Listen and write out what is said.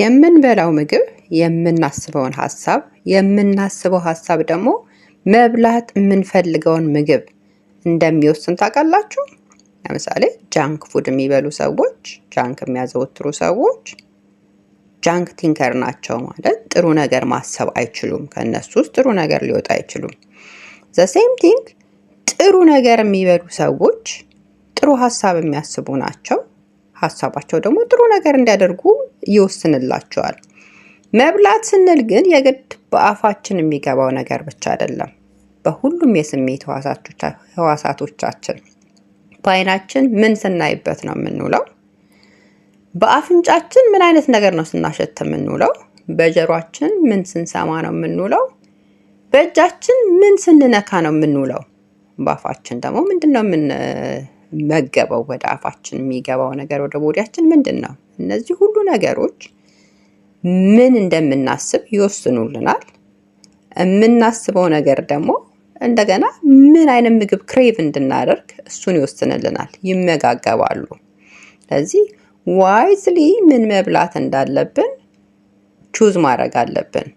የምንበላው ምግብ የምናስበውን ሀሳብ፣ የምናስበው ሀሳብ ደግሞ መብላት የምንፈልገውን ምግብ እንደሚወስን ታውቃላችሁ። ለምሳሌ ጃንክ ፉድ የሚበሉ ሰዎች፣ ጃንክ የሚያዘወትሩ ሰዎች ጃንክ ቲንከር ናቸው ማለት ጥሩ ነገር ማሰብ አይችሉም። ከእነሱ ውስጥ ጥሩ ነገር ሊወጣ አይችሉም። ዘ ሴም ቲንግ ጥሩ ነገር የሚበሉ ሰዎች ጥሩ ሀሳብ የሚያስቡ ናቸው። ሀሳባቸው ደግሞ ጥሩ ነገር እንዲያደርጉ ይወስንላቸዋል። መብላት ስንል ግን የግድ በአፋችን የሚገባው ነገር ብቻ አይደለም። በሁሉም የስሜት ህዋሳቶቻችን በአይናችን ምን ስናይበት ነው የምንውለው? በአፍንጫችን ምን አይነት ነገር ነው ስናሸት የምንውለው? በጀሯችን ምን ስንሰማ ነው የምንውለው? በእጃችን ምን ስንነካ ነው የምንውለው? በአፋችን ደግሞ ምንድን ነው የምንመገበው ወደ አፋችን የሚገባው ነገር ወደ ቦዲያችን ምንድን ነው? እነዚህ ሁሉ ነገሮች ምን እንደምናስብ ይወስኑልናል። የምናስበው ነገር ደግሞ እንደገና ምን አይነት ምግብ ክሬቭ እንድናደርግ እሱን ይወስንልናል። ይመጋገባሉ። ስለዚህ ዋይዝሊ ምን መብላት እንዳለብን ቹዝ ማድረግ አለብን።